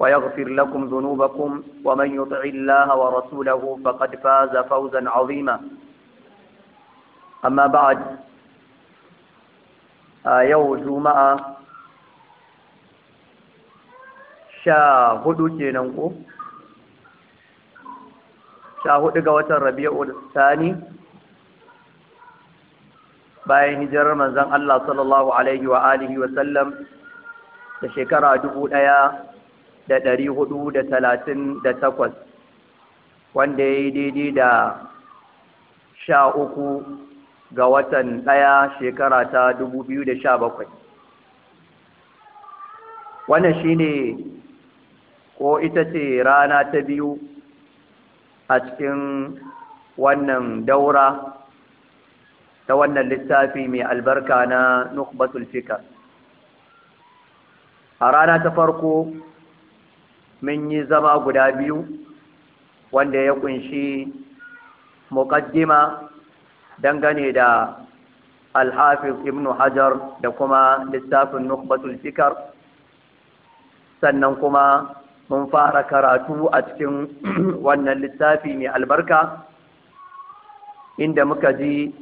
ويغفر لكم ذنوبكم ومن يطع الله ورسوله فقد فاز فوزا عظيما أما بعد يوم جمعة sha hudu kenan ko sha hudu ga watan rabi'ul bayan hijirar manzon Allah sallallahu alaihi wa alihi wa sallam da shekara dubu ɗaya da ɗari hudu da talatin da takwas wanda ya yi daidai da sha uku ga watan ɗaya shekara ta dubu biyu da sha bakwai wannan shi ne ko ita ce rana ta biyu a cikin wannan daura ta wannan littafi mai albarka na nukbatul fika a rana ta farko mun yi zama guda biyu wanda ya kunshi muƙaddima dangane da alhafiz ibnu hajar da kuma littafin nukbatul fikar sannan kuma mun fara karatu a cikin wannan littafi mai albarka inda muka ji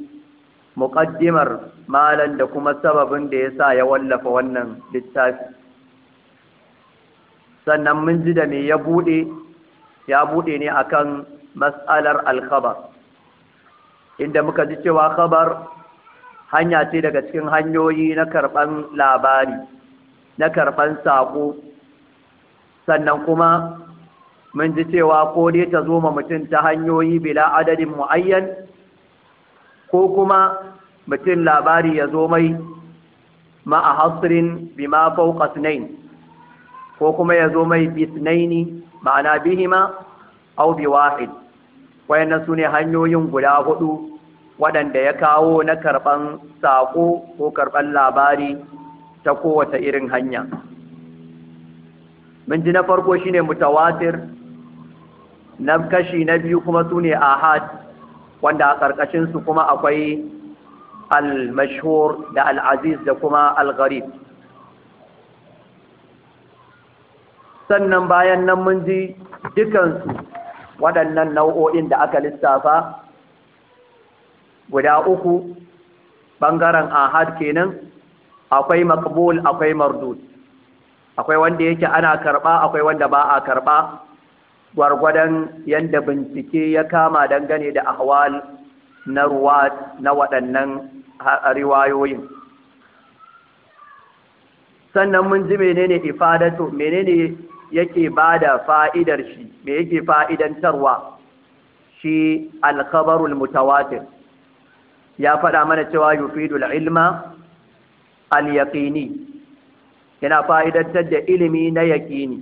muƙaddimar malam da kuma sababin da ya sa ya wallafa wannan littafi sannan mun ji da me ya bude ya bude ne akan mas'alar al-khabar inda muka ji cewa khabar hanya ce daga cikin hanyoyi na karban labari na karban sako sannan kuma mun ji cewa ko dai ta zo ma mutum ta hanyoyi bila adadin mu'ayyan ko kuma mutum labari ya zo mai ma'a hasrin bima fawqa sunain ko kuma ya zo mai bisnaini ma'ana bihima aubi bi wahid wayannan su ne hanyoyin guda hudu waɗanda ya kawo na karɓan saƙo ko karɓan labari ta kowace irin hanya mun ji na farko shine mutawatir na kashi na biyu kuma su ne ahad wanda a ƙarƙashinsu kuma akwai al-mashhur da al-aziz da kuma al-gharib sannan bayan nan mun ji dukansu waɗannan nau'o'in da aka lissafa guda uku ɓangaren ahad kenan akwai makbul akwai mardud akwai wanda yake ana karɓa akwai wanda ba a karɓa gwargwadon yadda bincike ya kama dangane da ahwal na ruwa na waɗannan riwayoyin sannan mun ji menene ifadatu menene yake ba da fa'idar shi me yake fa'idantarwa shi alkhabarul mutawatir ya faɗa mana cewa yufidul ilma al yaƙini yana fa'idantar da ilimi na yaƙini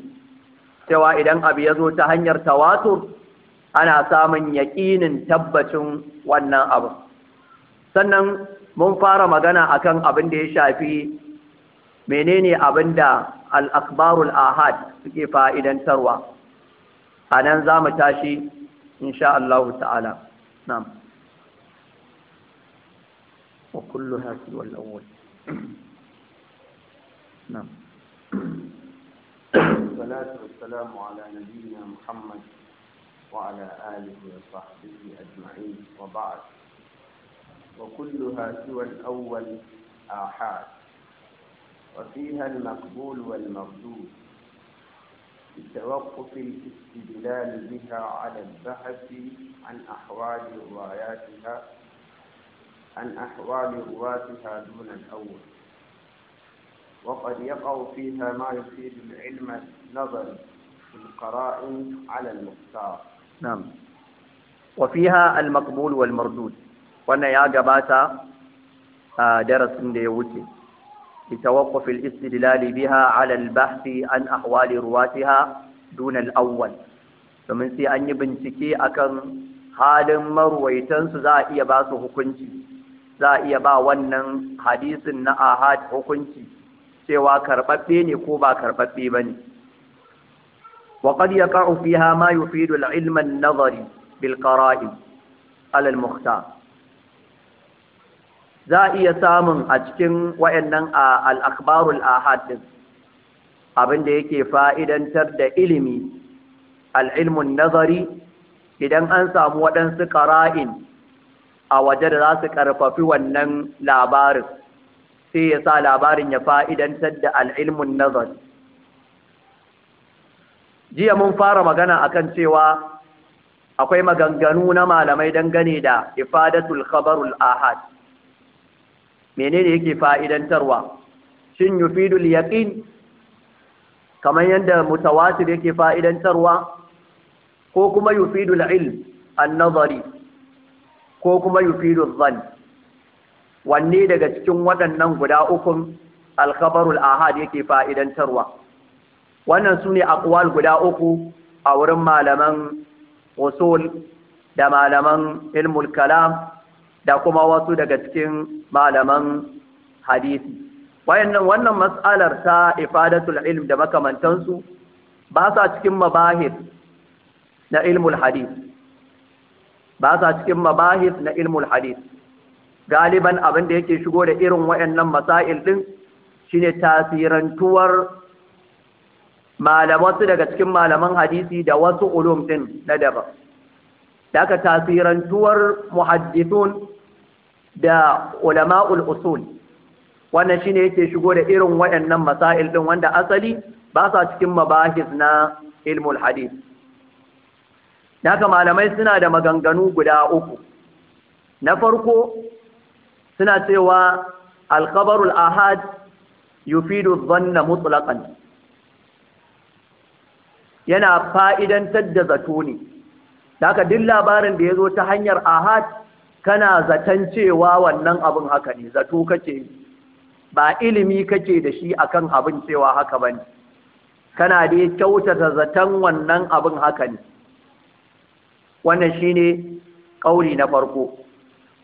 cewa idan abu ya zo ta hanyar tawatur ana samun yaƙinin tabbacin wannan abu sannan mun fara magana akan abin da ya shafi menene abin da الأخبار الاحاد كيف إذا تروى أنا نزام تاشي إن شاء الله تعالى نعم وكلها سوى الأول نعم والصلاة والسلام على نبينا محمد وعلى آله وصحبه أجمعين وبعد وكلها سوى الأول آحاد وفيها المقبول والمردود بتوقف الاستدلال بها على البحث عن أحوال رواياتها عن أحوال رواتها دون الأول وقد يقع فيها ما يفيد العلم نظرا في القرائن على المختار نعم وفيها المقبول والمردود وانا يا جباتا آه، درس من دي لتوقف الاستدلال بها على البحث عن أحوال رواتها دون الأول domin sai an yi bincike akan halin marwaitansu za a iya ba su hukunci za iya ba wannan hadisin na ahad hukunci cewa karɓaɓɓe ne ko ba karɓaɓɓe ba ne وقد يقع فيها ما يفيد العلم النظري بالقرائن على المختار za a iya samun a cikin wayannan al'akbarul ahad din abin da yake fa'idantar da ilimi al'ilmun nazari idan an samu waɗansu ƙara'in a waje da za su ƙarfafi wannan labarin sai ya sa labarin ya fa'idantar da al'ilmun nazari jiya mun fara magana akan cewa akwai maganganu na malamai dangane da ifadatul khabarul ahad menene yake fa'idantarwa shin yufidul yaqin kamar yadda mutawatir yake fa'idantarwa ko kuma yufidul ilm an-nazari ko kuma yufidul zan? wanne daga cikin waɗannan guda ukun khabarul ahad yake fa'idantarwa wannan sune aqwal guda uku a wurin malaman usul da malaman ilmul kalam da kuma wasu daga cikin malaman hadisi wayannan wannan mas'alar ta ifadatul ilm da makamantansu ba sa cikin mabahis na ilmul hadith ba sa cikin mabahis na ilmul hadith galiban abin da yake shigo da irin wayannan masail din shine tasirantuwar malamansu daga cikin malaman hadisi da wasu ulum din na daban da aka tasirantuwar muhaddisun da ulama'ul usul wannan shine yake shigo da irin waɗannan masail din wanda asali ba sa cikin mabahis na ilmul hadith naka malamai suna da maganganu guda uku na farko suna cewa alkhabarul ahad yufidu dhanna mutlaqan yana fa'idantar da zato ne haka duk labarin da ya zo ta hanyar ahad kana zaton cewa wannan abin haka ne zato kake ba ilimi kake da shi akan abin cewa haka ba ne kana da kyautata zaton wannan abin haka ne wannan shi ne ƙauri na farko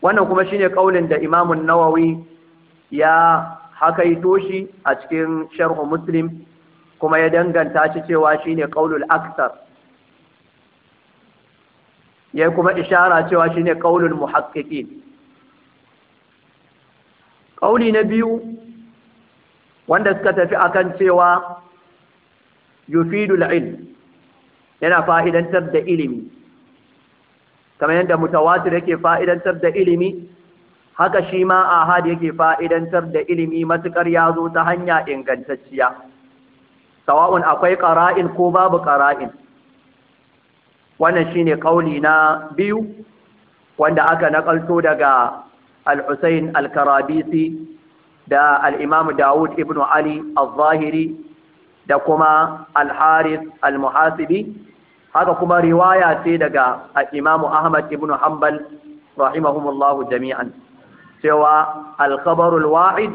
wannan kuma shi ne ƙaunin da imamun nawawi ya hakaito shi a cikin sharhu muslim kuma ya danganta shi cewa shi ne ƙaulul aksar ya kuma ishara cewa shi shine mu haƙƙiƙi. Ƙauni na biyu wanda suka tafi akan cewa yufidul ilm yana fa'idantar da ilimi kamar yadda mutawatir yake fa'idantar da ilimi haka shi ma a ahad yake fa'idantar da ilimi matuƙar ya zo ta hanya ingantacciya sawa'un akwai ƙara'in ko babu ƙara'in wannan shine kauli na biyu wanda aka nakalto daga al-Husayn al-Karabisi da al-Imam Dawud ibn Ali al-Zahiri da kuma al-Harith al-Muhasibi haka kuma riwaya ce daga al-Imam Ahmad ibn Hanbal rahimahumullahu jami'an cewa al-khabaru al-wahid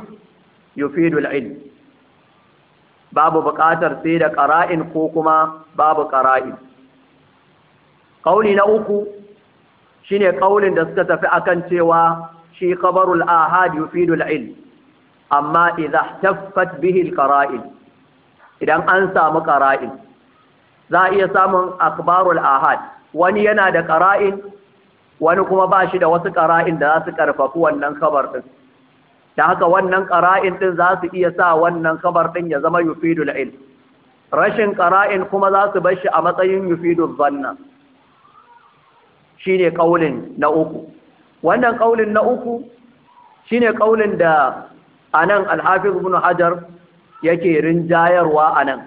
yufidu al-ilm babu buƙatar sai da qara'in ko kuma babu qara'in ƙauli na uku shine ƙaulin da suka tafi akan cewa shi ƙabarul ahad yufidu al amma idza taffat bihi al idan an samu ƙara'in, za a iya samun akbarul ahad wani yana da qara'il wani kuma ba shi da wasu ƙara'in da za su karfafu wannan ƙabar ɗin, da haka wannan ƙara'in ɗin za su iya sa wannan ƙabar ɗin ya zama yufidu al rashin ƙara'in kuma za su bar shi a matsayin yufidu dhanna shine kaulin na uku wannan kaulin na uku shine kaulin da anan al-hafiz ibn hajar yake rinjayarwa anan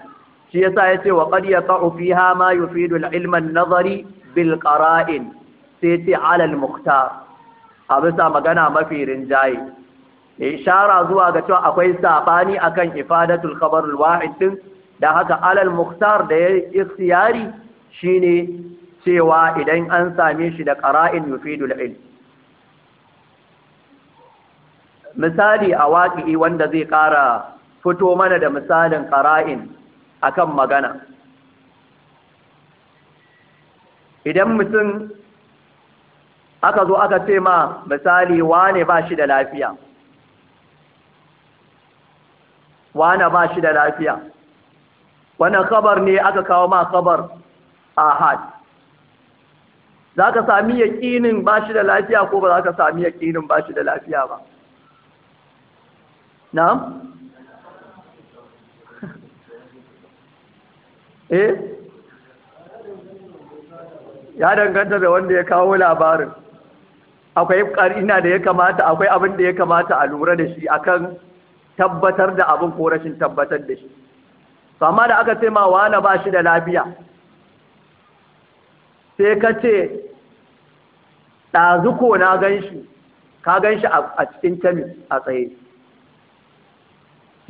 shi yasa yace wa qad yaqa'u fiha ma yufidu al-ilma an-nazari bil qara'in sai ce alal mukhtar a bisa magana mafi rinjaye ya ishara zuwa ga cewa akwai sabani akan ifadatul khabarul wahid din da haka alal mukhtar da ya ikhtiyari shine cewa idan an same shi da ƙara'in yufidul ilm misali a waƙi wanda zai ƙara fito mana da misalin ƙara'in akan magana idan mutum aka zo aka ce ma misali wane ba shi da lafiya wane ba shi da lafiya wannan kabar ne aka kawo ma kabar ahad za ka sami yaƙinin ba shi da lafiya ko ba za ka sami yaƙinin ba shi da lafiya ba na? eh ya danganta da wanda ya kawo labarin akwai ƙarina da ya kamata akwai abin da ya kamata a lura da shi akan tabbatar da abin ko rashin tabbatar da shi amma da aka ce ma wani ba shi da lafiya sai ka ce ɗazu ko na gan shi ka gan shi a cikin kemis a tsaye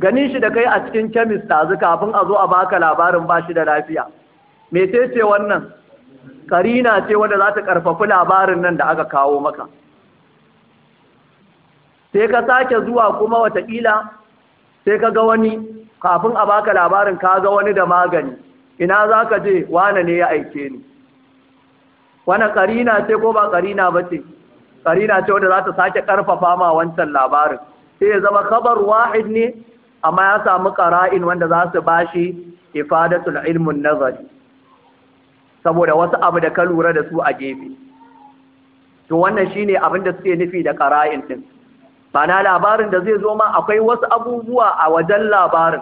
ganin shi da kai a cikin kemis ɗazu kafin a zo a baka labarin ba shi da lafiya me ce wannan karina ce wanda za ta ƙarfafi labarin nan da aka kawo maka sai ka sake zuwa kuma watakila sai ka ga wani kafin a baka labarin ka ga wani da magani ina za ka je wane ne ya aike ni wannan karina ce ko ba karina ba ce karina ce wanda za ta sake karfafa ma wancan labarin sai ya zama kabar wahid ne amma ya samu ƙara'in wanda za su ba shi ifadatul ilmun nazari saboda wasu abu da ka lura da su a gefe to wannan shine abin da suke nufi da ƙara'in din bana labarin da zai zo ma akwai wasu abubuwa a wajen labarin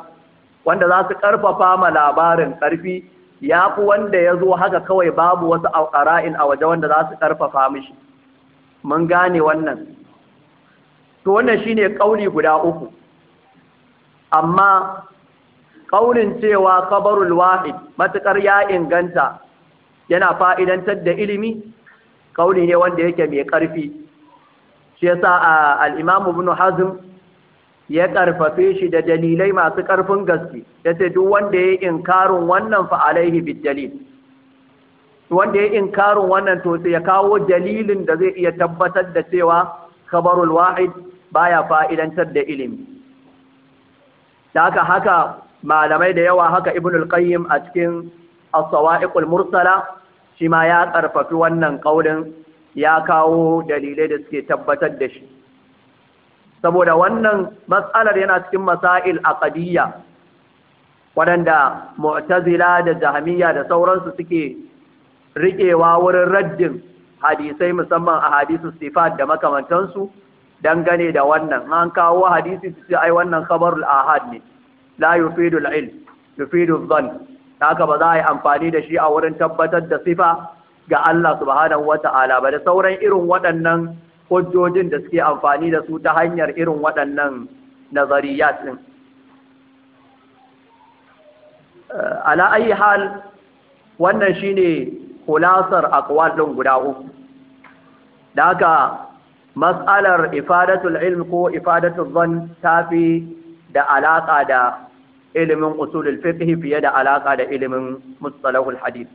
wanda za su karfafa ma labarin ƙarfi. ya fi wanda ya zo haka kawai babu wasu alƙara'in a waje wanda za su ƙarfafa mishi mun gane wannan to wannan ne ƙauli guda uku amma ƙaunin cewa kabarul wahid matuƙar ya inganta yana fa'idantar da ilimi ƙauni ne wanda yake mai ƙarfi shi ya al al’imamu bin hazm ya ƙarfafe shi da dalilai masu ƙarfin gaske ya ce duk wanda ya yi inkarin wannan fa'alaihi dalil wanda ya yi inkarin wannan to ya kawo dalilin da zai iya tabbatar da cewa kabarul wahid baya fa'idantar da ilimi da haka haka malamai da yawa haka ibn al-qayyim a cikin as-sawa'iqul mursala shi ma ya ƙarfafi wannan ƙaurin ya kawo dalilai da suke tabbatar da shi saboda wannan matsalar yana cikin masail a ƙadiyya waɗanda mu'tazila da jahamiyya da sauransu suke riƙewa wurin raddin hadisai musamman a hadisu sifat da makamantansu dangane da wannan an kawo hadisi su ce ai wannan kabar ahad ne la yufidu al-ilm yufidu dhann haka ba za a yi amfani da shi a wurin tabbatar da sifa ga Allah subhanahu wata'ala ba da sauran irin waɗannan hujjojin da suke amfani da su ta hanyar irin waɗannan nazariya. ɗin. Eh, ala ayi hal wannan shine kulasar akwal ɗin guda uku. Da haka matsalar ifadatul ilm ko ifadatul zan tafi da alaƙa da ilimin usulul fiqh fiye da alaƙa da ilimin mustalahul hadith.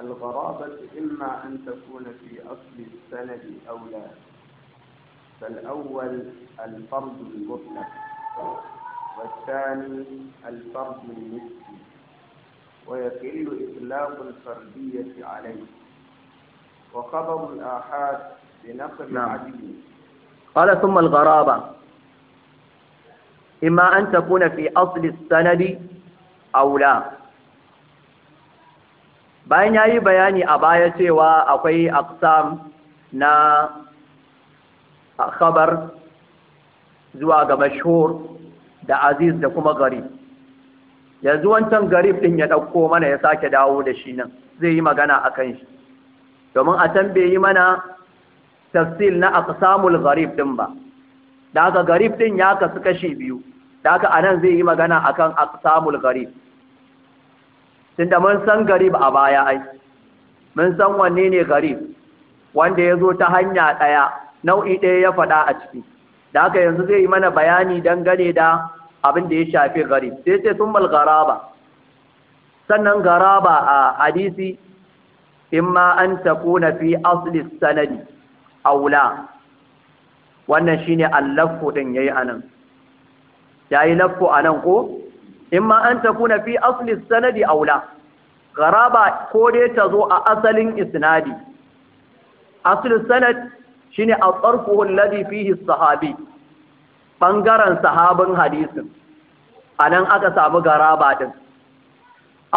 الغرابة إما أن تكون في أصل السند أو لا فالأول الفرد المطلق والثاني الفرد النسبي ويقل إطلاق الفردية عليه وخبر الآحاد بنقل نعم. عديد قال ثم الغرابة إما أن تكون في أصل السند أو لا bayan ya yi bayani a baya cewa akwai aksam na khabar zuwa ga mashhur da aziz da kuma gari. yanzu wancan gari ɗin ya ɗauko mana ya sake dawo da shi nan zai yi magana a kan shi domin a can bai yi mana tafsil na aqsamul gari din ba da gari ɗin din ya kasu kashi biyu da a anan zai yi magana akan aqsamul garib tunda mun san garib a baya ai mun san wanne ne garib wanda ya zo ta hanya ɗaya nau'i ɗaya ya faɗa a ciki da haka yanzu zai yi mana bayani dangane da abin da ya shafi garib sai sai sun garaba sannan garaba a hadisi imma an na fi asli sanadi aula wannan shine allafo din yayi anan yayi lafu anan ko In ma an takuna fi asli sanadi aula garaba ko dai ta zo a asalin isnadi asli sanad shine a tsarfuhu alladhi fihi sahabi bangaren sahabin hadisin anan aka samu garaba din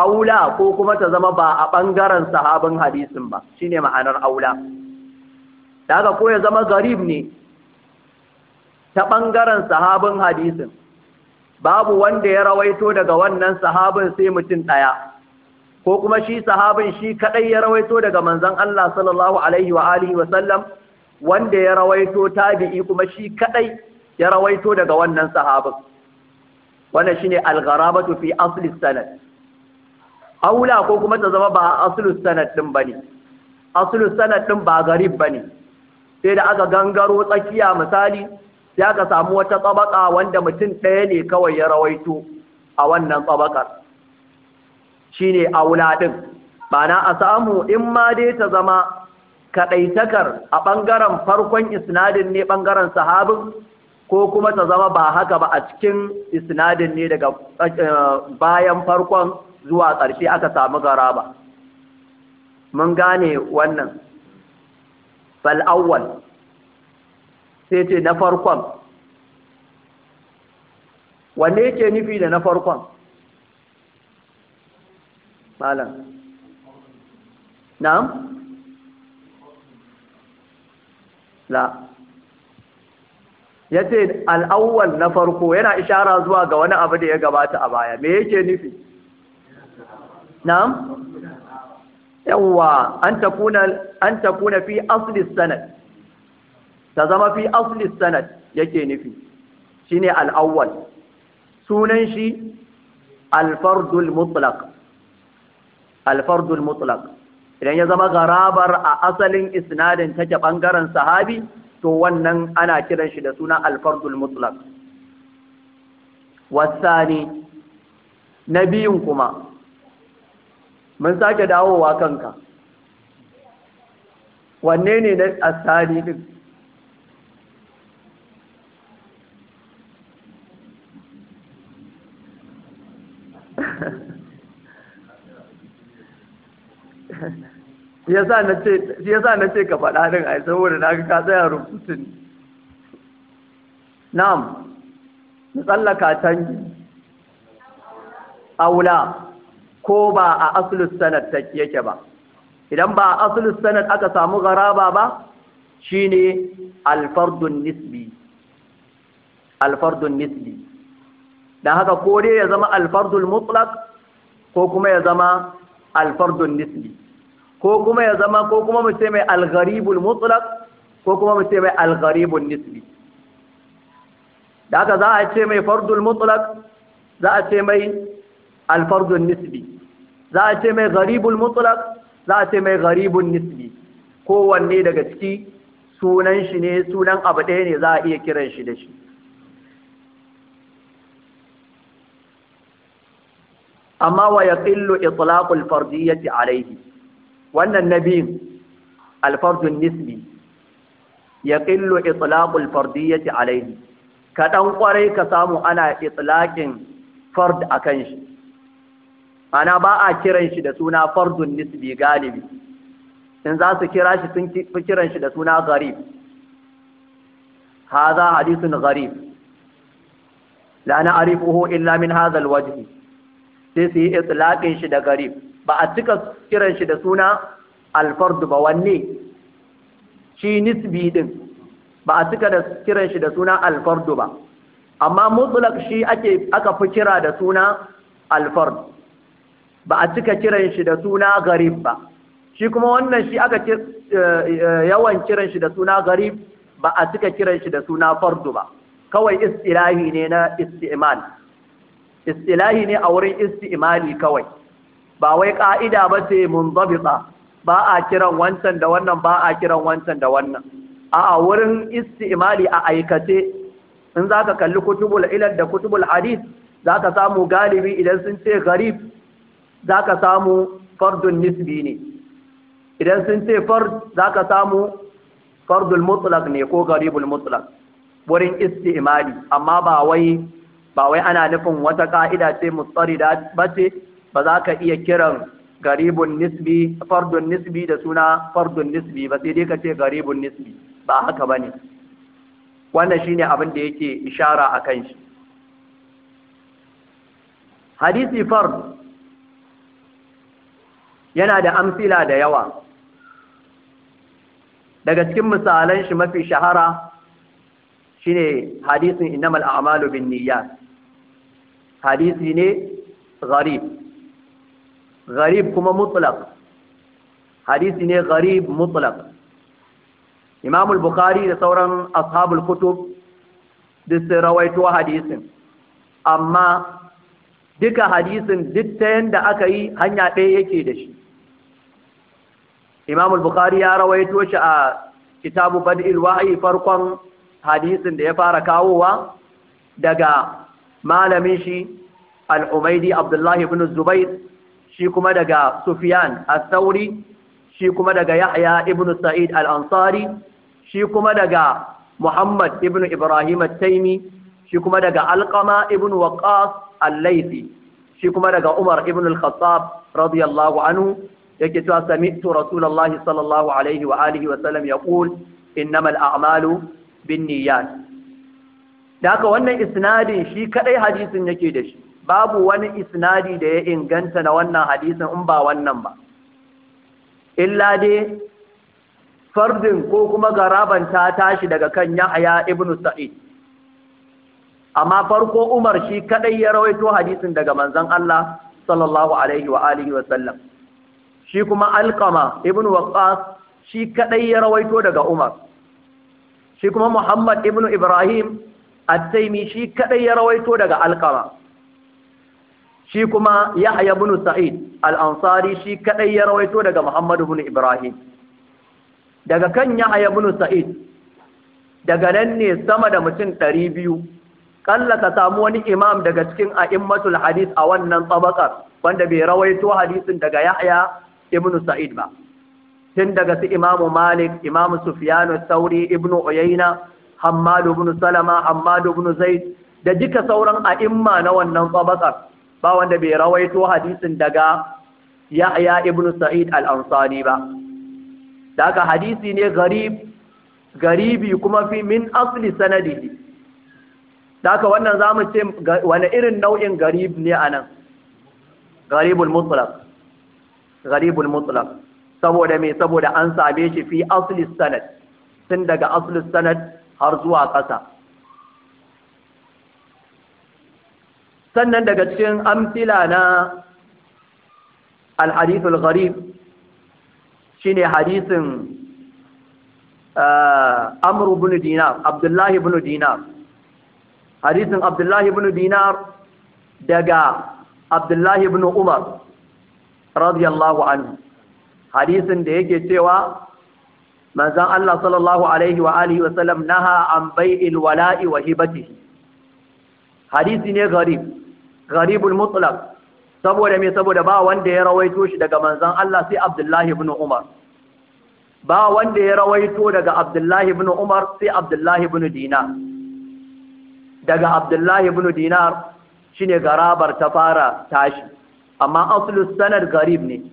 aula ko kuma ta zama ba a bangaren sahabin hadisin ba shine ma'anar aula daga ko ya zama garib ne ta bangaren sahabin hadisin babu wanda ya rawaito daga wannan sahabin sai mutum ɗaya ko kuma shi sahabin shi kaɗai ya rawaito daga manzan Allah sallallahu alaihi wa alihi wa sallam wanda ya rawaito tabi'i kuma shi kaɗai ya rawaito daga wannan sahabin wannan shine al-gharabatu fi asli sanad aula ko kuma ta zama ba aslu sanad ba ne? asli sanad ɗin ba garib ne. sai da aka gangaro tsakiya misali sai aka samu wata tsabaka wanda mutum ɗaya ne kawai ya rawaito a wannan tsabakar shine aula ba bana a samu in ma dai ta zama kaɗaitakar a ɓangaren farkon isnadin ne ɓangaren sahabin ko kuma ta zama ba haka ba a cikin isnadin ne daga eh, bayan farkon zuwa ƙarshe aka samu garaba mun gane wannan fal'awwal sai ce na farkon wanne yake nufi da na farkon malam na'am la ya ce al'awwal na farko yana ishara zuwa ga wani abu da ya gabata a baya me yake nufi na'am yawwa an takuna fi asli sanad ta zama fi asli sanad yake nufi shine al-awwal sunan shi al-fardul mutlaq al-fardul mutlaq idan ya zama garabar a asalin isnadin take bangaren sahabi to wannan ana kiran shi da sunan al-fardul mutlaq wasani na biyun kuma mun sake dawowa kanka wanne ne na asali din shi yasa na ce ka faɗa din ai saboda na ka tsaya rubutun Nam, na tsallaka tangi aula ko ba a asulus sanad yake ba idan ba a asulus sanad aka samu garaba ba shi ne alfardun nisbi alfardun nisbi Da haka ko dai ya zama alfardun mutlak ko kuma ya zama alfardun nisbi ko kuma ya zama ko kuma mu ce mai algharibul mutlaq ko kuma mu ce mai algharibun nisbi da aka za a ce mai fardul mutlaq za a ce mai alfardun nisbi za a ce mai gharibul mutlaq za a ce mai gharibun nisbi kowanne daga ciki sunan shi ne sunan abu ɗaya ne za a iya kiran shi da shi amma wa yaqillu itlaqul fardiyyati alayhi wannan na biyun alfardun nisbi ya ƙillo itlaƙul fardiyyati alaihi kaɗan ƙwarai ka samu ana itlaƙin fard a kan shi ana ba a kiran shi da suna fardun nisbi galibi in za su kira shi sun fi kiran shi da suna gharib haza hadisun garib la na arifuhu illa min hazal wajhi sai su yi itlaƙin shi da garib ba a cika kiran shi da suna alfardu ba wanne shi nisbi din ba a cika da kiran shi da suna alfardu ba amma mutlaq shi ake aka fi kira da suna alfard ba a cika kiran shi da suna garib ba shi kuma wannan shi aka eh, eh, yawan kiran shi da suna garib ba a cika kiran shi da suna fardu ba kawai istilahi ne na isti'mal istilahi ne a wurin isti'mali kawai ba wai ƙa'ida ba ce mun ba a kiran wancan da wannan ba a kiran wancan da wannan a'a wurin istimali a aikace in za ka kalli kutubul ilal da kutubul hadith za ka samu galibi idan sun ce garib za ka samu fardun nisbi ne idan sun ce fard za ka samu fardul mutlaq ne ko garibul mutlaq wurin istimali amma ba wai ana nufin wata ka'ida ce mustarida ba ce ba za ka iya kiran garibun nisbi fardun nisbi da suna fardun nisbi ba sai dai ka ce garibun nisbi ba haka ba ne wannan shi ne abin da yake ishara a kan shi hadisi fard yana da amsila da yawa daga cikin misalan shi mafi shahara shine hadisin inamal a'malu bin niyyat hadisi ne gharib gharib kuma mutlaq hadisi ne gharib mutlaq imam bukhari da sauran ashabul kutub duk sun rawaito hadisin amma duka hadisin duk ta yanda aka yi hanya ɗaya yake da shi imamul bukhari ya rawaito shi a kitabu bad'il wahyi farkon hadisin da ya fara kawowa daga malamin shi al umaidi abdullahi ibn zubair shi kuma daga Sufyan al-Sauri shi kuma daga Yahya ibn Sa'id al-Ansari shi kuma daga Muhammad ibn Ibrahim al-Taimi shi kuma daga Alqama ibn Waqqas al-Laythi shi kuma daga Umar ibn al-Khattab radiyallahu anhu yake cewa sami'tu Rasulullahi sallallahu alaihi wa alihi wa sallam yaqul innamal a'malu binniyat da haka wannan isnadin shi kadai hadisin yake da shi babu wani isnadi da ya inganta na wannan hadisin in ba wannan ba illa dai fardin ko kuma garaban ta tashi daga kan ya'aya ibnu sa'id amma farko umar shi kadai ya rawaito hadisin daga manzon Allah sallallahu alaihi wa alihi wa sallam shi kuma alqama ibnu waqqas shi kadai ya rawaito daga umar shi kuma Muhammad ibn Ibrahim at taymi shi kadai ya rawaito daga Alqama shi kuma Yahya ibn Sa'id al-Ansari shi kaɗai ya rawaito daga Muhammadu ibn Ibrahim daga kan Yahya ibn Sa'id daga nan ne sama da mutum ɗari biyu, ƙalla ka samu wani imam daga cikin a'immatul hadis a wannan tsabakar wanda bai rawaito hadisin daga Yahya ibn Sa'id ba tun daga su imamu Malik Imam sufiyanu sauri ibn Uyayna Hamadu ibn Salama Hamadu ibn Zaid da jika sauran a'imma na wannan tsabakar ba wanda bai rawaito hadisin daga Yahya ibn Sa'id al-Ansari ba daga hadisi ne garib garibi kuma fi min asli sanadihi daga wannan zamu ce wani irin nau'in garib ne anan garibul mutlaq garibul mutlaq saboda me saboda an same shi fi asli sanad tun daga asli sanad har zuwa ƙasa sannan daga cikin amsila na alhadithul gharib shine hadisin uh, amru bin dinar abdullahi bin dinar hadisin abdullahi bin dinar daga abdullahi bin umar radiyallahu anhu hadisin da yake cewa manzon Allah sallallahu alaihi wa alihi wa sallam naha an bai'il wala'i wa hibatihi hadisi ne gharib Garibul mutlaq saboda me saboda ba wanda ya rawaito shi daga manzon Allah sai Abdullahi ibn Umar ba wanda ya rawaito daga Abdullahi ibn Umar sai Abdullahi ibn Dinar daga Abdullahi ibn Dinar shine garabar ta fara tashi amma aslus sanad garib ne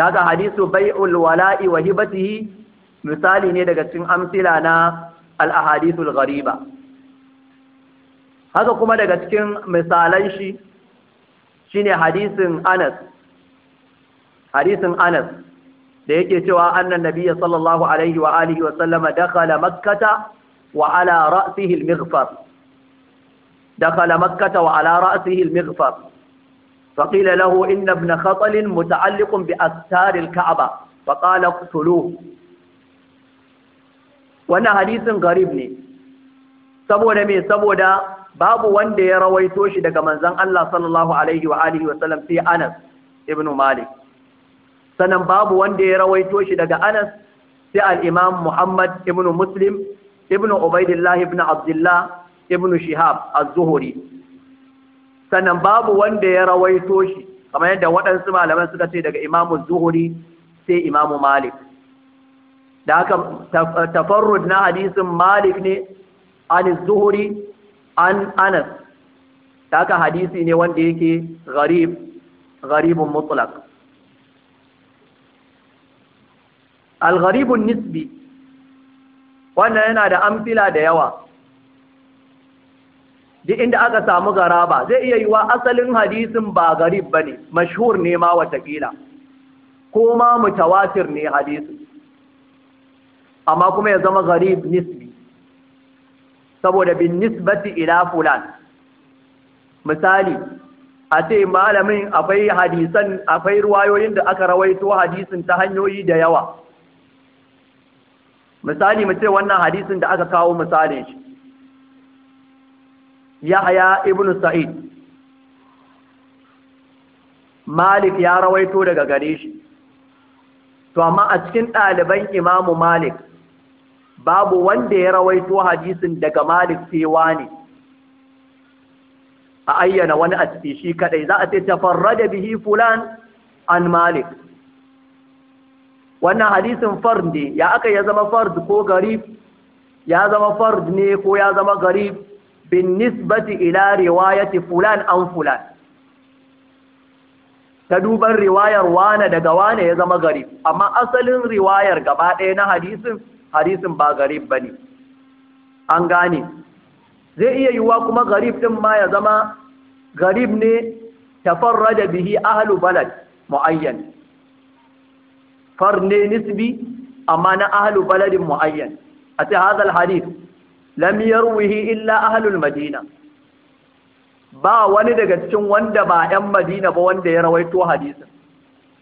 daga hadisu bai'ul wala'i wa hibatihi misali ne daga cikin amsila na al-ahadithul ghariba haka kuma daga cikin misalan shi shine hadisin Anas hadisin Anas da yake cewa annan nabiyya sallallahu alaihi wa alihi wa sallama dakhala makkata wa ala ra'sihi al-mighfar dakhala makkata wa ala ra'sihi al-mighfar فقيل له إن ابن خطل متعلق بأستار الكعبة فقال اقتلوه wannan hadisin garib ne saboda me saboda babu wanda ya rawaito shi daga manzon Allah sallallahu alaihi wa alihi wa sallam sai Anas ibn Malik sannan babu wanda ya rawaito shi daga Anas sai al-Imam Muhammad ibn Muslim ibn Ubaidillah ibn Abdullah ibn Shihab az-Zuhri sannan babu wanda ya rawaito shi kamar yadda waɗansu malaman suka ce daga Imam Zuhri sai Imam Malik da haka tafarrud na hadisin Malik ne an Zuhri an anas ka hadisi ne wanda yake gharib gharibun mutlaq al-gharibun nisbi wannan yana da amfila da yawa duk inda aka samu garaba zai iya yiwa asalin hadisin ba garib bane mashhur ne ma watakila ko ma mutawatir ne hadisin amma kuma ya zama garib nisbi saboda bin nisbati ila fulan misali a ce malamin akwai hadisan akwai ruwayoyin da aka rawaito hadisin ta hanyoyi da yawa misali mu ce wannan hadisin da aka kawo misalin shi Yahya ibn Sa'id Malik ya rawaito daga gare shi to amma a cikin ɗaliban Imamu Malik babu wanda ya rawaito hadisin daga Malik cewa ne a ayyana wani a cikin shi kadai za a ce tafarrada bihi fulan an Malik wannan hadisin fard ne ya aka ya zama fard ko garib ya zama fard ne ko ya zama garib bin nisbati ila riwayati fulan an fulan ta duban riwayar wane daga wane ya zama gari? amma asalin riwayar gaba ɗaya na hadisin hadisin ba garib ba ne an gane zai iya yiwuwa kuma garib ɗin ma ya zama garib ne tafarrada bihi ahlu balad mu'ayyan far ne nisbi amma na ahlu baladin mu'ayyan a ce hadal hadith Lamiyar wuhi illa ahlul madina ba wani daga cikin wanda ba 'yan madina ba wanda ya rawaito hadisin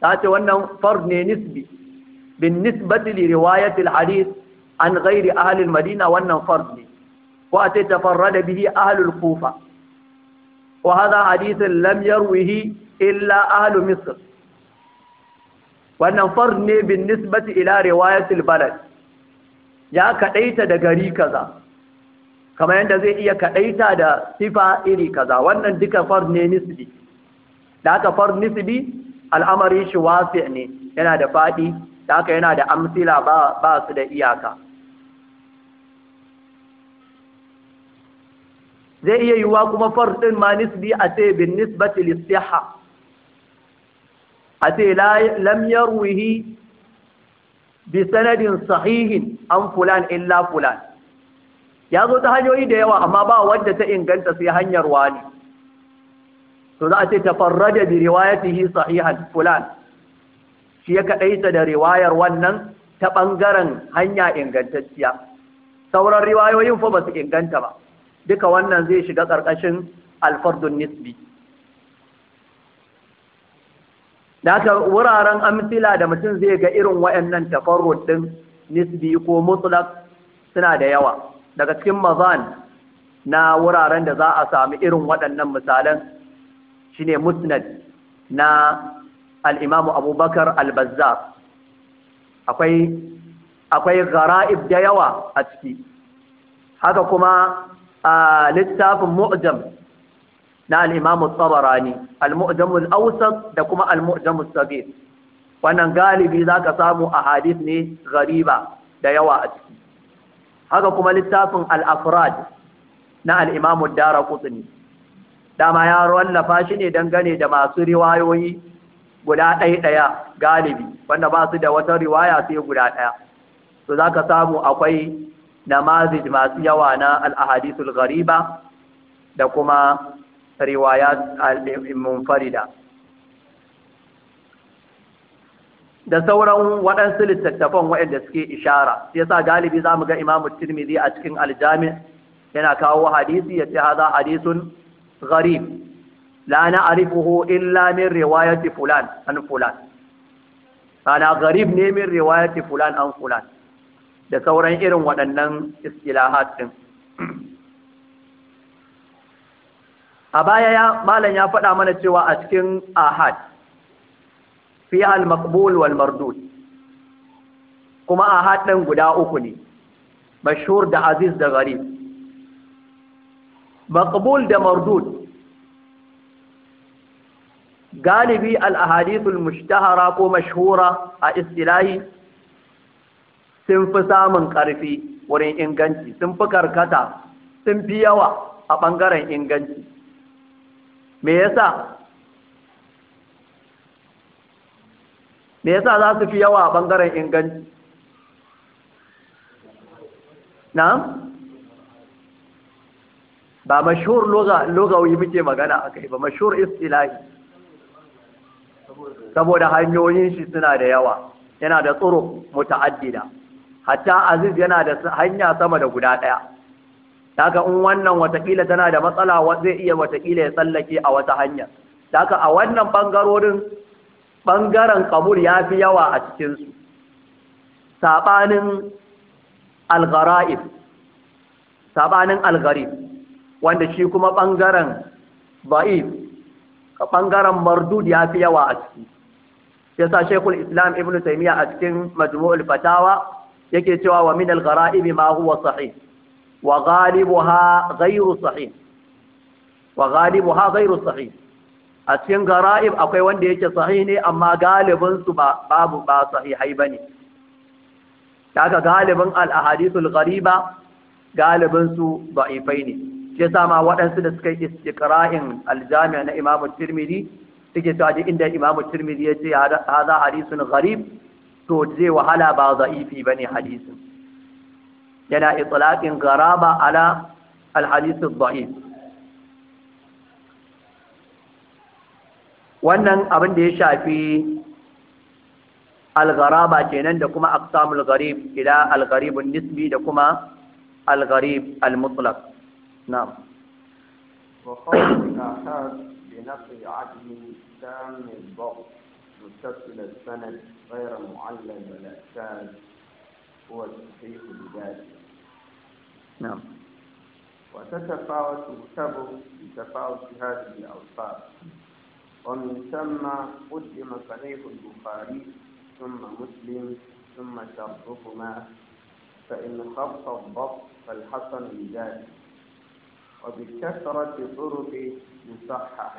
ta ce wannan far ne nisbi بالنسبة لرواية الحديث عن غير أهل المدينة وأنه فرد وأتي به أهل الكوفة وهذا حديث لم يروه إلا أهل مصر وأنه فرد بالنسبة إلى رواية البلد يا كأيت دقري كذا كما يندزي إيا كأيت دا صفة إلي كذا وأنه ذكر فرد نسبي ذاك فرد نسبي الأمر يشواسعني wasi دفاتي da aka yana da amsila ba su da iyaka zai iya yiwuwa kuma farɗin ma nisbi a ce bin nisbati lissiha a ce lamyar wuhi bi sanadin sahihin an fulan illa fulan ya zo ta hanyoyi da yawa amma ba wadda ta inganta sai hanyar wani to za a ce ta tafarrada bi riwayatihi sahihan fulan shi ya kaɗaita da riwayar wannan ta ɓangaren hanya ingantacciya sauran riwayoyin fa ba su inganta ba duka wannan zai shiga ƙarƙashin alfardun nisbi da aka wuraren amsila da mutum zai ga irin wayannan tafarrud ɗin nisbi ko mutlaq suna da yawa daga cikin mazan na wuraren da za a sami irin waɗannan misalan shine musnad na al'imamu abubakar al akwai gara'ib da yawa a ciki haka kuma a littafin mu'jam na al'imamu tsabarani al-mu'jamul ausar da kuma al-mu'jamul sabir wannan galibi za ka samu a hadith ne gariba da yawa a ciki haka kuma littafin al-afrad na al'imamu dara kutsuni dama ya wallafa shi ne dangane da masu riwayoyi guda ɗaya ɗaya galibi wanda ba su da wata riwaya sai guda ɗaya to za ka samu akwai namazi masu yawa na al'ahadisul ghariba da kuma riwaya munfarida da sauran waɗansu littattafan waɗanda suke ishara sai sa galibi za mu ga imamu tirmidhi a cikin aljami yana kawo hadisi ya ce haza hadisun gharib la na'rifuhu illa min riwayati fulan an fulan ana garib ne min riwayati fulan an fulan da sauran irin waɗannan istilahat ɗin a baya ya malam ya faɗa mana cewa a cikin ahad fi al-maqbul wal mardud kuma ahad ɗin guda uku ne mashhur da aziz da gari. maqbul da mardud galibi al’ahadisul ahadithul mushtahara ko mashhura a istilahi sun fi samun ƙarfi wurin inganci sun fi karkata sun fi yawa a ɓangaren inganci me yasa me yasa za su fi yawa a ɓangaren inganci na ba mashhur lugawi muke magana a kai ba mashhur istilahi saboda hanyoyin shi suna da yawa yana da tsoro muta'addida hatta aziz yana da hanya sama da guda ɗaya daga in wannan watakila tana da matsala zai iya watakila ya tsallake a wata hanya daga a wannan bangarorin ɓangaren kabur ya fi yawa a cikinsu saɓanin algara'ib saɓanin algarib wanda shi kuma ɓangaren ba'ib ɓangaren mardud ya fi yawa a ciki ya sa shekul islam ibn taimiyya a cikin majmu'ul fatawa yake cewa wa min al-gara'ib ma huwa sahih wa ghalibuha ghayru sahih wa ghalibuha sahih a cikin gara'ib akwai wanda yake sahih ne amma galibin su ba babu ba sahihai bane kaga galibin al-ahadithul ghariba galibin su da'ifai ne shi yasa ma waɗansu da suka yi istiqra'in aljami'a na imamu tirmidhi suke cewa duk inda imamu tirmidhi ya ce hadha hadisun gharib to zai wahala ba za'ifi ne hadisin yana itlaqin garaba ala alhadith ad wannan abin da ya shafi al kenan da kuma aksamul gharib ila al nisbi da kuma al-gharib al-mutlaq نعم وقول الآحاد بنقل عدل تام الضبط متصل السند غير معلل ولا أساس هو الصحيح بذاته نعم وتتفاوت السبب بتفاوت هذه الأوصاف ومن ثم قدم صحيح البخاري ثم مسلم ثم شرطهما فإن خف الضبط فالحسن بذاته وبكثرة طرق مصححة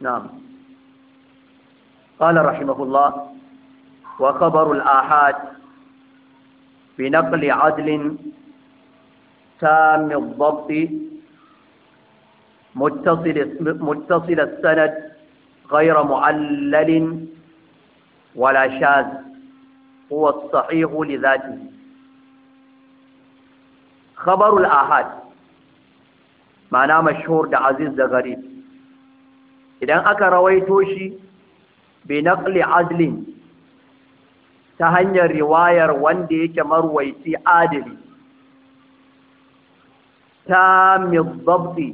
نعم قال رحمه الله وخبر الآحاد بنقل عدل تام الضبط متصل متصل السند غير معلل ولا شاذ هو الصحيح لذاته خبر الآحاد ma'ana mashhur da aziz da gari idan aka rawaito shi bi naqli adlin ta hanyar riwayar wanda yake marwaiti adili ta mibabti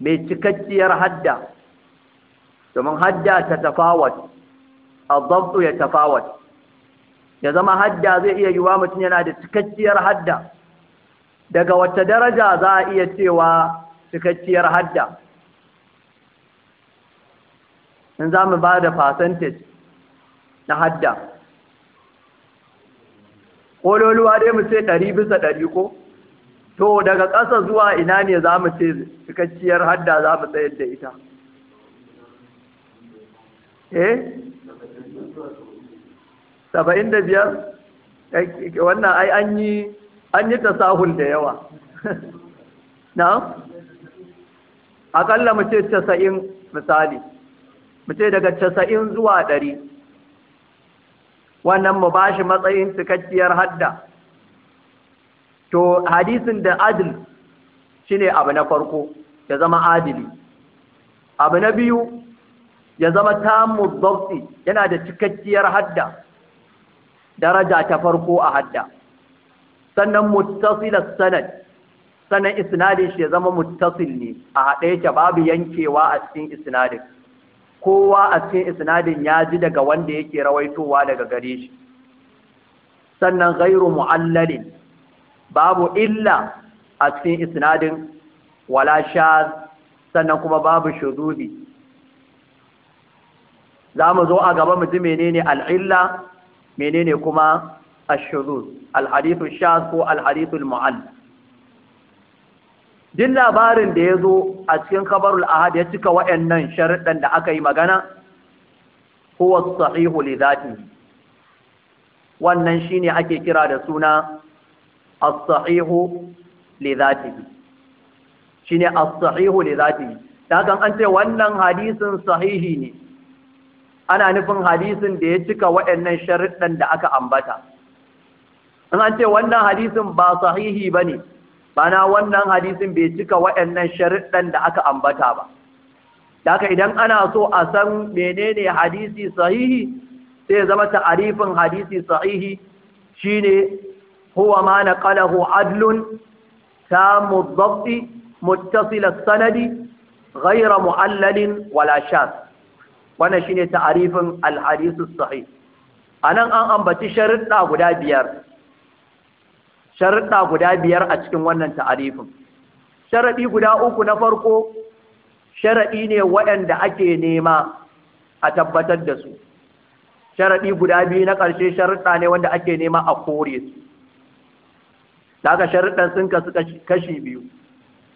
mai cikakkiyar hadda domin hadda ta tafawat azabtu ya tafawat ya zama hadda zai iya yiwa mutum yana da cikakkiyar hadda daga wacce daraja za a iya cewa cikakkiyar hadda in za mu ba da percentage na hadda ƙololuwa dai mu ce ɗari bisa ɗari ko to daga ƙasa zuwa ina ne za mu ce cikakkiyar hadda za mu tsayar da ita eh saba'in da biyar wannan ai an yi an yi ta tasahul da yawa na akalla mu ce casa'in misali mu daga casa'in zuwa ɗari wannan mu ba shi matsayin cikakkiyar hadda to hadisin da adil ne abu na farko ya zama adili abu na biyu ya zama tamu zabti yana da cikakkiyar hadda daraja ta farko a hadda sannan muttasilas sanad sannan isnadin shi ya zama muttasil ne a haɗe yake babu yankewa a cikin isnadin kowa a cikin isnadin ya ji daga wanda yake rawaitowa daga gare shi sannan ghairu mu'allalin babu illa a cikin isnadin wala shaz sannan kuma babu shuzubi za mu zo a gaba mu ji menene al'illa menene kuma ashuruz alhadithu shaz ko alhadithu mu'al din labarin da ya zo a cikin kabarul ahad ya cika wa'annan sharuɗan da aka yi magana huwa sahihu li dhatihi wannan shine ake kira da suna as-sahihu li dhatihi shine as-sahihu li dhatihi dan an ce wannan hadisin sahihi ne ana nufin hadisin da ya cika waɗannan sharuɗan da aka ambata in an ce wannan hadisin ba sahihi ba ne bana wannan hadisin bai cika waɗannan sharuɗan da aka ambata ba daga idan ana so a san menene hadisi sahihi sai zama ta'arifin hadisi sahihi shine huwa ma naqalahu adlun tamu dhabti muttasil as-sanadi ghayra mu'allalin wala shaz wannan shine ta'arifin al-hadisi sahih anan an ambaci sharuɗa guda biyar sharuɗa guda biyar a cikin wannan ta'arifin sharaɗi guda uku na farko sharaɗi ne waɗanda ake nema a tabbatar da su sharaɗi guda biyu na ƙarshe sharaɗa ne wanda ake nema a kore su daga sharuɗan sun kasu kashi biyu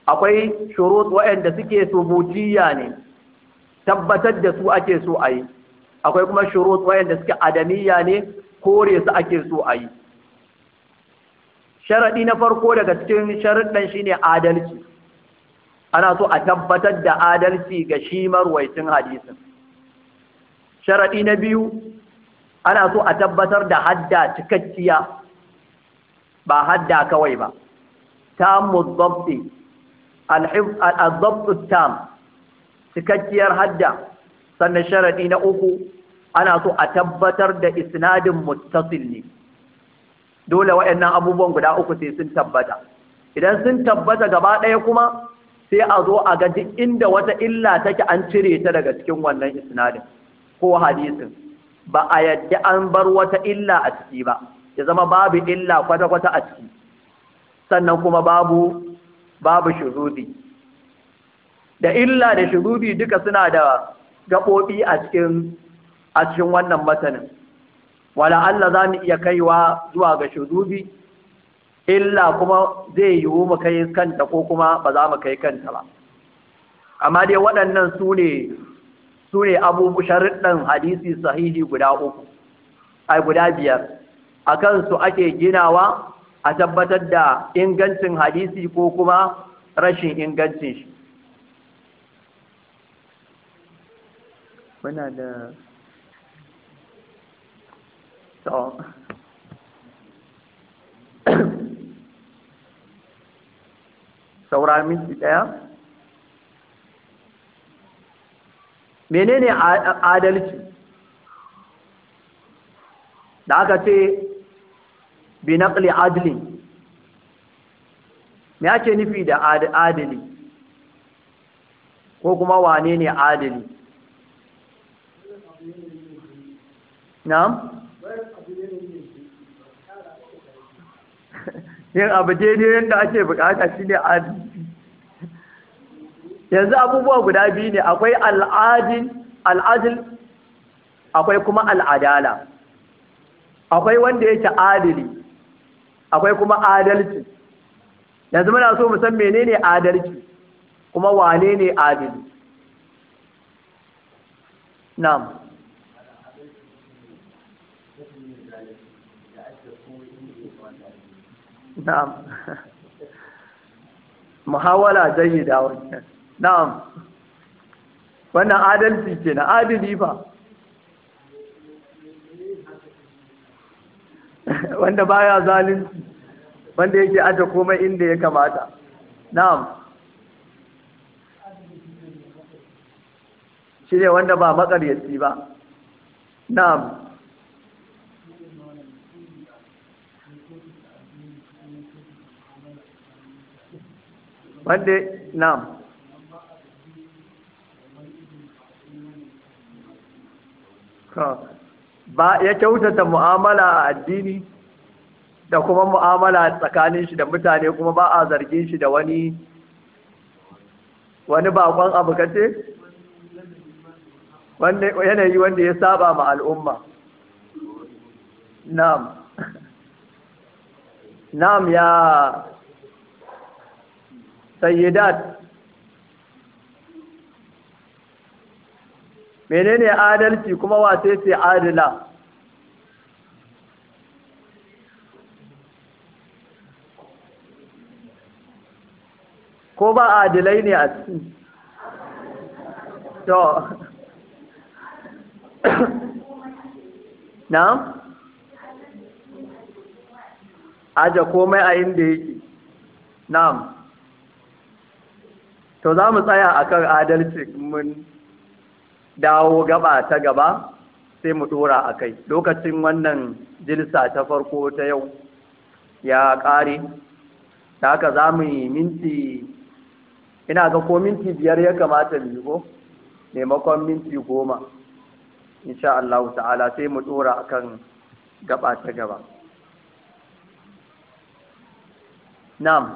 akwai shuruɗ waɗanda suke mutiya ne tabbatar da su ake so a yi akwai kuma shuruɗ waɗanda suke adamiya ne kore su ake so a yi sharaɗi na farko daga cikin sharaɗin shine adalci ana so a tabbatar da adalci ga shi marwaitin hadisin sharaɗi na biyu ana so a tabbatar da hadda cikakkiya ba hadda kawai ba tamu zabti al-zabtu tam cikakkiyar hadda sannan sharaɗi na uku ana so a tabbatar da isnadin muttasil ne dole waɗannan abubuwan guda uku sai sun tabbata idan sun tabbata gaba ɗaya kuma sai a zo a ga duk inda wata illa take an cire ta daga cikin wannan isnadin ko hadisin ba a yadda an bar wata illa a ciki ba ya zama babu illa kwata-kwata a ciki sannan kuma babu babu da illa da shurudi duka suna da gaɓoɓi a cikin a cikin wannan matanin wala Allah za mu iya kaiwa zuwa ga shudubi illa kuma zai yiwu mu kai kanta ko kuma ba za mu kai kanta ba amma dai waɗannan su ne su ne hadisi sahihi guda uku ai guda biyar a kansu ake ginawa a tabbatar da ingancin hadisi ko kuma rashin ingancin shi muna da So. Saura minti ɗaya? Menene adalci? Da aka ce, binakli adli. Me ake nufi da adali? Ko kuma wane ne adali? Na'am? yin abu daidai yadda ake bukata shine adalci yanzu abubuwa guda biyu ne akwai al'adil al'adil akwai kuma al'adala akwai wanda yake adili akwai kuma adalci yanzu muna so mu san menene adalci kuma wane ne adili na'am Muhawara zai yi wannan na'am wannan adalci ke na adili ba wanda baya zalunci wanda yake aje komai inda ya kamata na'am shi ne wanda ba makaryaci ba na'am wande na'am ba ya kyautata mu'amala a addini da kuma mu'amala tsakanin shi da mutane kuma ba a zargin shi da wani wani bakon abu kace yanayi wanda ya saba ma al'umma na'am na'am ya sayyidat menene adalci kuma wace ce adila ko ba adilai ne a ciki to na aje komai a inda yake na'am to za mu tsaya a kan adalci mun dawo gaba ta gaba sai mu dora a kai lokacin wannan jilsa ta farko ta yau ya ƙare ta haka za mu yi minti ina ga ko minti biyar ya kamata mu ko maimakon minti goma insha Allah ta'ala sai mu dora kan gaba ta gaba na'am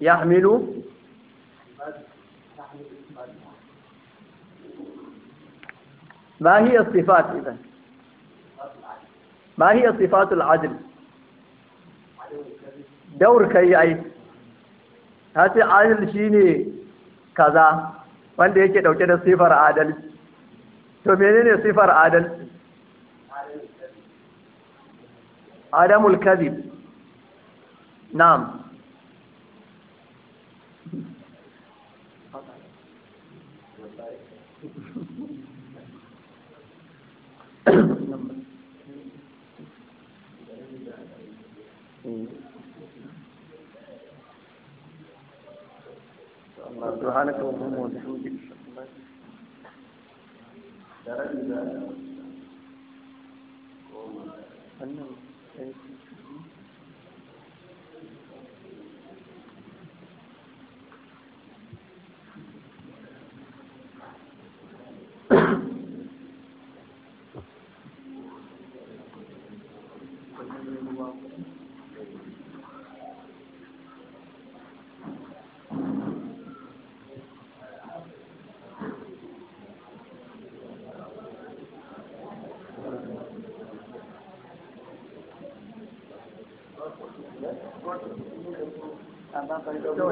يحمل ما هي الصفات إذا ما هي صفات العدل دور كي أي هاتي عدل شيني كذا wanda yake dauke da صفر عدل to menene sifar adalci عدم الكذب نعم سبحانك اللهم وبحمدك and 各位。